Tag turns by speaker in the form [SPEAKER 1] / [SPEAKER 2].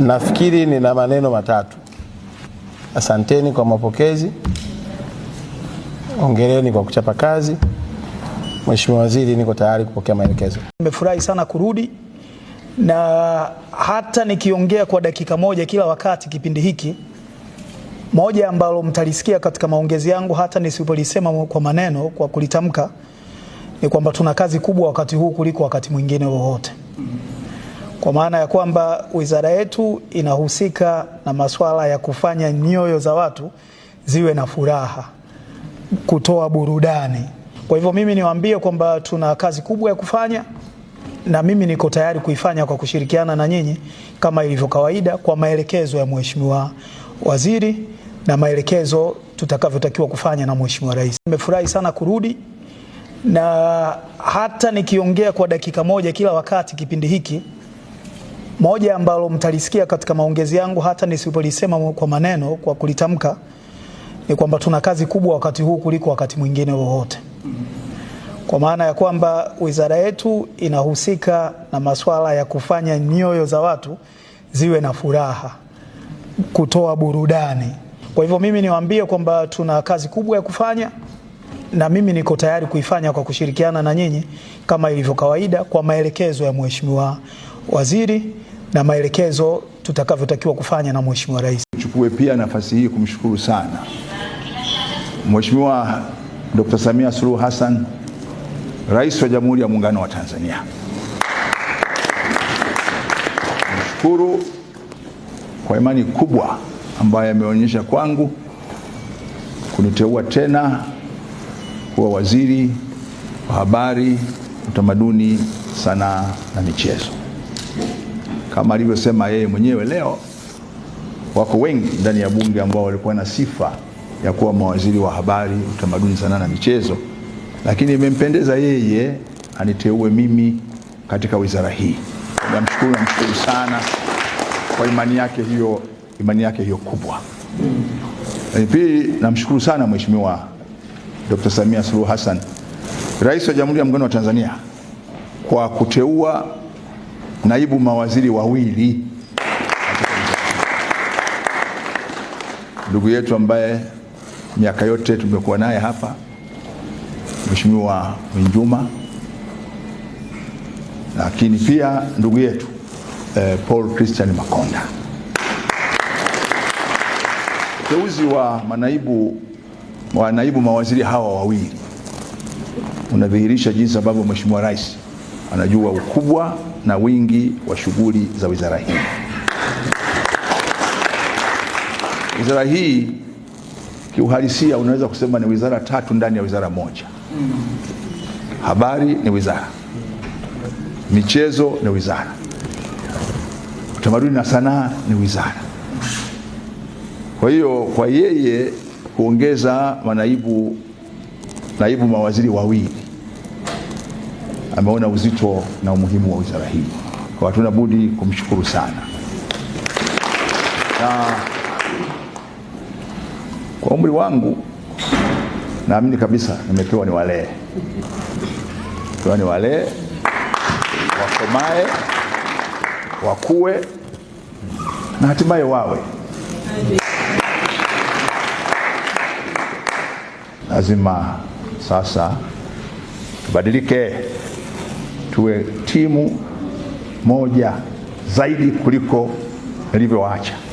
[SPEAKER 1] Nafikiri nina maneno matatu. Asanteni kwa mapokezi, ongereni kwa kuchapa kazi. Mheshimiwa Waziri, niko tayari kupokea maelekezo.
[SPEAKER 2] Nimefurahi sana kurudi na hata nikiongea kwa dakika moja kila wakati kipindi hiki, moja ambalo mtalisikia katika maongezi yangu, hata nisipolisema kwa maneno, kwa kulitamka ni kwamba tuna kazi kubwa wakati huu kuliko wakati mwingine wowote, kwa maana ya kwamba wizara yetu inahusika na masuala ya kufanya nyoyo za watu ziwe na furaha, kutoa burudani. Kwa hivyo mimi niwaambie kwamba tuna kazi kubwa ya kufanya na mimi niko tayari kuifanya kwa kushirikiana na nyinyi kama ilivyo kawaida, kwa maelekezo ya Mheshimiwa Waziri na maelekezo tutakavyotakiwa kufanya na Mheshimiwa Rais. Nimefurahi sana kurudi na hata nikiongea kwa dakika moja kila wakati kipindi hiki, moja ambalo mtalisikia katika maongezi yangu hata nisipolisema kwa maneno, kwa kulitamka, ni kwamba tuna kazi kubwa wakati huu kuliko wakati mwingine wowote, kwa maana ya kwamba wizara yetu inahusika na masuala ya kufanya nyoyo za watu ziwe na furaha, kutoa burudani. Kwa hivyo mimi niwaambie kwamba tuna kazi kubwa ya kufanya na mimi niko tayari kuifanya kwa kushirikiana na nyinyi kama ilivyo kawaida, kwa maelekezo ya Mheshimiwa Waziri na maelekezo tutakavyotakiwa kufanya na Mheshimiwa Rais.
[SPEAKER 3] Chukue pia nafasi hii kumshukuru sana Mheshimiwa Dr. Samia Suluhu Hassan, Rais wa Jamhuri ya Muungano wa Tanzania. Mshukuru kwa imani kubwa ambayo ameonyesha kwangu kuniteua tena kuwa waziri wa habari, utamaduni, sanaa na michezo. Kama alivyosema yeye mwenyewe leo, wako wengi ndani ya bunge ambao walikuwa na sifa ya kuwa mawaziri wa habari, utamaduni, sanaa na michezo, lakini imempendeza yeye aniteue mimi katika wizara hii. Namshukuru, namshukuru sana kwa imani yake hiyo, imani yake hiyo kubwa. Pili, namshukuru sana mheshimiwa Dr. Samia Suluhu Hassan, Rais wa Jamhuri ya Muungano wa Tanzania kwa kuteua naibu mawaziri wawili ndugu yetu ambaye miaka yote tumekuwa naye hapa Mheshimiwa Mwinjuma, lakini pia ndugu yetu eh, Paul Christian Makonda. Uteuzi wa manaibu naibu mawaziri hawa wawili unadhihirisha jinsi ambavyo Mheshimiwa Rais anajua ukubwa na wingi wa shughuli za wizara hii. Wizara hii kiuhalisia, unaweza kusema ni wizara tatu ndani ya wizara moja. Habari ni wizara, michezo ni wizara, utamaduni na sanaa ni wizara. Kwa hiyo kwa yeye kuongeza manaibu naibu mawaziri wawili. Ameona uzito na umuhimu wa wizara hii, kwa hatuna budi kumshukuru sana na kwa umri wangu naamini kabisa nimepewa ni walee pewa ni walee wakomae, wakue na hatimaye wawe lazima sasa tubadilike, tuwe timu moja zaidi kuliko nilivyoacha.